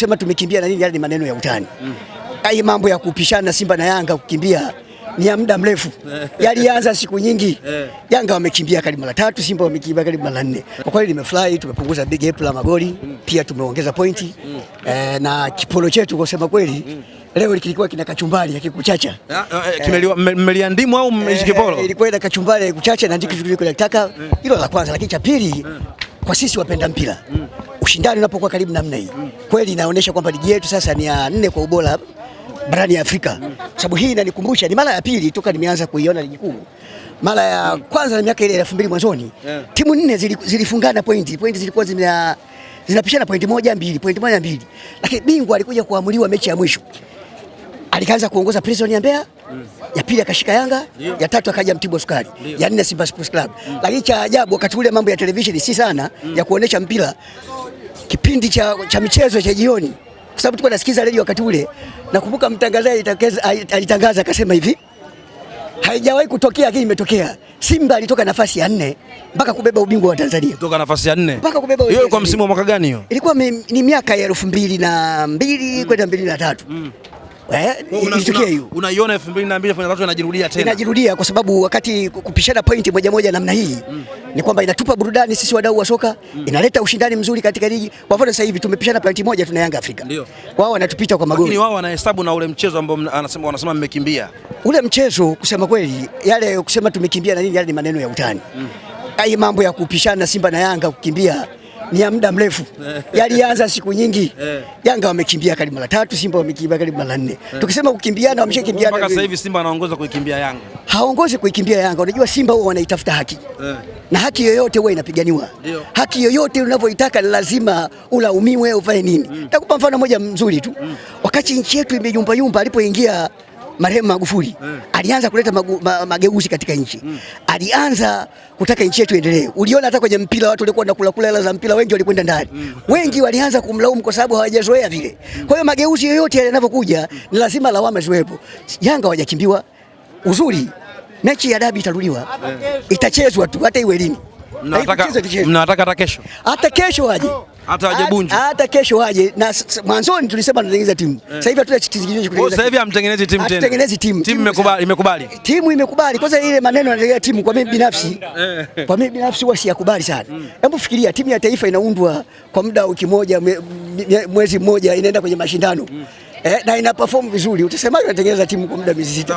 kusema tumekimbia na nini, yale ni maneno ya utani. Ai, mambo ya kupishana Simba na Yanga kukimbia ni ya muda mrefu, yalianza siku nyingi. Eh. Yanga wamekimbia karibu mara tatu, Simba wamekimbia karibu mara nne. Kwa kweli nimefurahi, tumepunguza big gap la magoli, pia tumeongeza pointi e, na kipolo chetu kwa kusema kweli mm. leo kilikuwa kina kachumbari ya kikuchacha mmeliandimu ah, ah, eh, au mmeishikipolo, ilikuwa ina kachumbari ya kikuchacha na ndiki kitu kile nataka mm. hilo la kwanza, lakini cha pili kwa sisi wapenda mpira mm. ushindani unapokuwa karibu namna hii mm. kweli inaonyesha kwamba ligi yetu sasa ni ya nne kwa ubora barani ya Afrika mm. sababu hii inanikumbusha, ni mara ya pili toka nimeanza kuiona ligi kuu. Mara ya kwanza na miaka ile elfu mbili mwanzoni yeah. timu nne zilifungana pointi, pointi zilikuwa zina zinapishana pointi moja mbili, pointi moja mbili, lakini bingwa alikuja kuamuliwa mechi ya mwisho alikaanza kuongoza Prison ya Mbeya mm. ya pili akashika Yanga Lio. ya tatu akaja Mtibwa Sukari ya nne Simba Sports Club mm. Lakini cha ajabu wakati ule mambo ya televisheni si sana mm. ya kuonesha mpira, kipindi cha, cha michezo cha jioni, kwa sababu tulikuwa nasikiza redio wakati ule. Nakumbuka mtangazaji alitangaza akasema hivi, haijawahi kutokea lakini imetokea. Simba alitoka nafasi ya nne mpaka kubeba ubingwa wa Tanzania. Kutoka nafasi ya nne. Mpaka kubeba hiyo kwa msimu wa mwaka gani hiyo? Ilikuwa mi, ni miaka ya elfu mbili na mbili mm. kwenda mbili na tatu mm. Eh, unaiona 2022 2023 inajirudia tena. Inajirudia kwa sababu wakati kupishana pointi moja moja namna hii mm. ni kwamba inatupa burudani sisi wadau wa soka mm. inaleta ushindani mzuri katika ligi. Kwa mfano sasa hivi tumepishana pointi moja tuna Yanga Afrika. Wao wanatupita kwa magoli. Lakini wao wanahesabu na ule mchezo ambao anasema wanasema mmekimbia. Ule mchezo kusema kweli, yale kusema tumekimbia na nini, yale ni maneno ya utani. Mm. mambo ya kupishana Simba na Yanga kukimbia ni ya muda mrefu, eh. yalianza siku nyingi. Eh. Yanga wamekimbia karibu mara tatu, Simba wamekimbia karibu mara nne. Eh. Tukisema kukimbiana, wameshakimbiana mpaka sasa hivi. Simba anaongoza kuikimbia Yanga, haongozi kuikimbia Yanga. Unajua Simba huwa wanaitafuta haki na haki yoyote huwa inapiganiwa. Haki yoyote unavyoitaka lazima ulaumiwe, ufanye nini? Mm. Nitakupa mfano mmoja mzuri tu, mm. wakati nchi yetu imeyumbayumba, alipoingia marehemu Magufuli mm. alianza kuleta magu, ma, mageuzi katika nchi mm. alianza kutaka nchi yetu endelee. Uliona hata kwenye mpira watu walikuwa wanakula kula hela za mpira, wengi walikwenda ndani mm. wengi walianza kumlaumu kwa sababu hawajazoea vile hmm. kwa hiyo mageuzi yoyote yanapokuja hmm. ni lazima lawama ziwepo. Yanga hawajakimbiwa uzuri, mechi ya dabi itarudiwa mm. itachezwa tu hata iwe lini, mnawataka hata kesho aje hata waje Bunju, hata kesho waje. Na mwanzoni tulisema tunatengeneza timu, eh. sasa hivi hatuna kitu kutengeneza. Sasa hivi hamtengenezi timu tena, hatutengenezi timu. Timu imekubali, imekubali, timu imekubali. Kwanza ile maneno yanatengeneza timu, kwa mimi eh. binafsi, eh. kwa mimi binafsi huwa siyakubali sana. Mm. Hebu fikiria timu ya taifa inaundwa kwa muda wa wiki moja, mwezi mmoja, inaenda kwenye mashindano mm. eh, na ina perform vizuri, utasemaje unatengeneza timu kwa muda miezi sita?